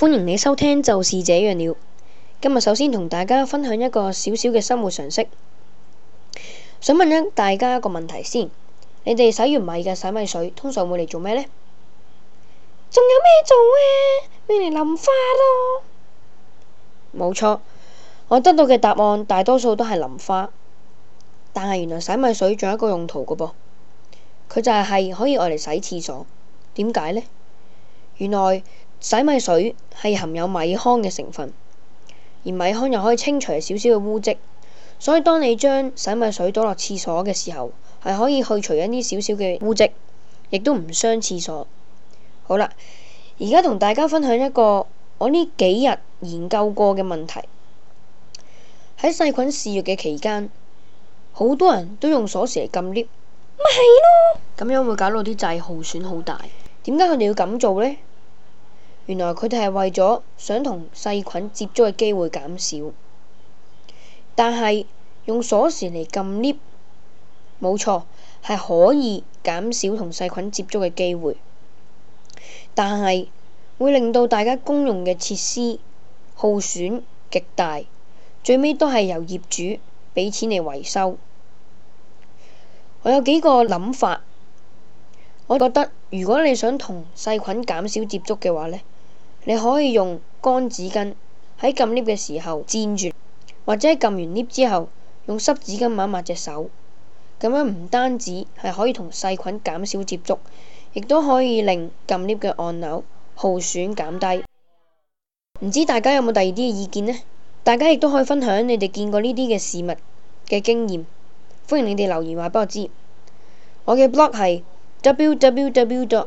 歡迎你收聽，就是這樣了。今日首先同大家分享一個小小嘅生活常識。想問大家一個問題先，你哋洗完米嘅洗米水通常會嚟做咩咧？仲有咩做啊？咪嚟淋花咯。冇錯，我得到嘅答案大多數都係淋花。但係原來洗米水仲有一個用途㗎噃，佢就係可以攞嚟洗廁所。點解咧？原來。洗米水係含有米糠嘅成分，而米糠又可以清除少少嘅污漬。所以當你將洗米水倒落廁所嘅時候，係可以去除一啲少少嘅污漬，亦都唔傷廁所。好啦，而家同大家分享一個我呢幾日研究過嘅問題。喺細菌肆虐嘅期間，好多人都用鎖匙嚟撳掣，咪係咯。咁樣會搞到啲掣耗損好大。點解佢哋要咁做咧？原來佢哋係為咗想同細菌接觸嘅機會減少，但係用鎖匙嚟撳 lift，冇錯係可以減少同細菌接觸嘅機會，但係會令到大家公用嘅設施耗損極大，最尾都係由業主俾錢嚟維修。我有幾個諗法，我覺得如果你想同細菌減少接觸嘅話咧。你可以用乾紙巾喺撳 lift 嘅時候墊住，或者喺撳完 lift 之後用濕紙巾抹抹隻手，咁樣唔單止係可以同細菌減少接觸，亦都可以令撳 lift 嘅按鈕耗損減低。唔知大家有冇第二啲意見呢？大家亦都可以分享你哋見過呢啲嘅事物嘅經驗，歡迎你哋留言話俾我知。我嘅 blog 係 www.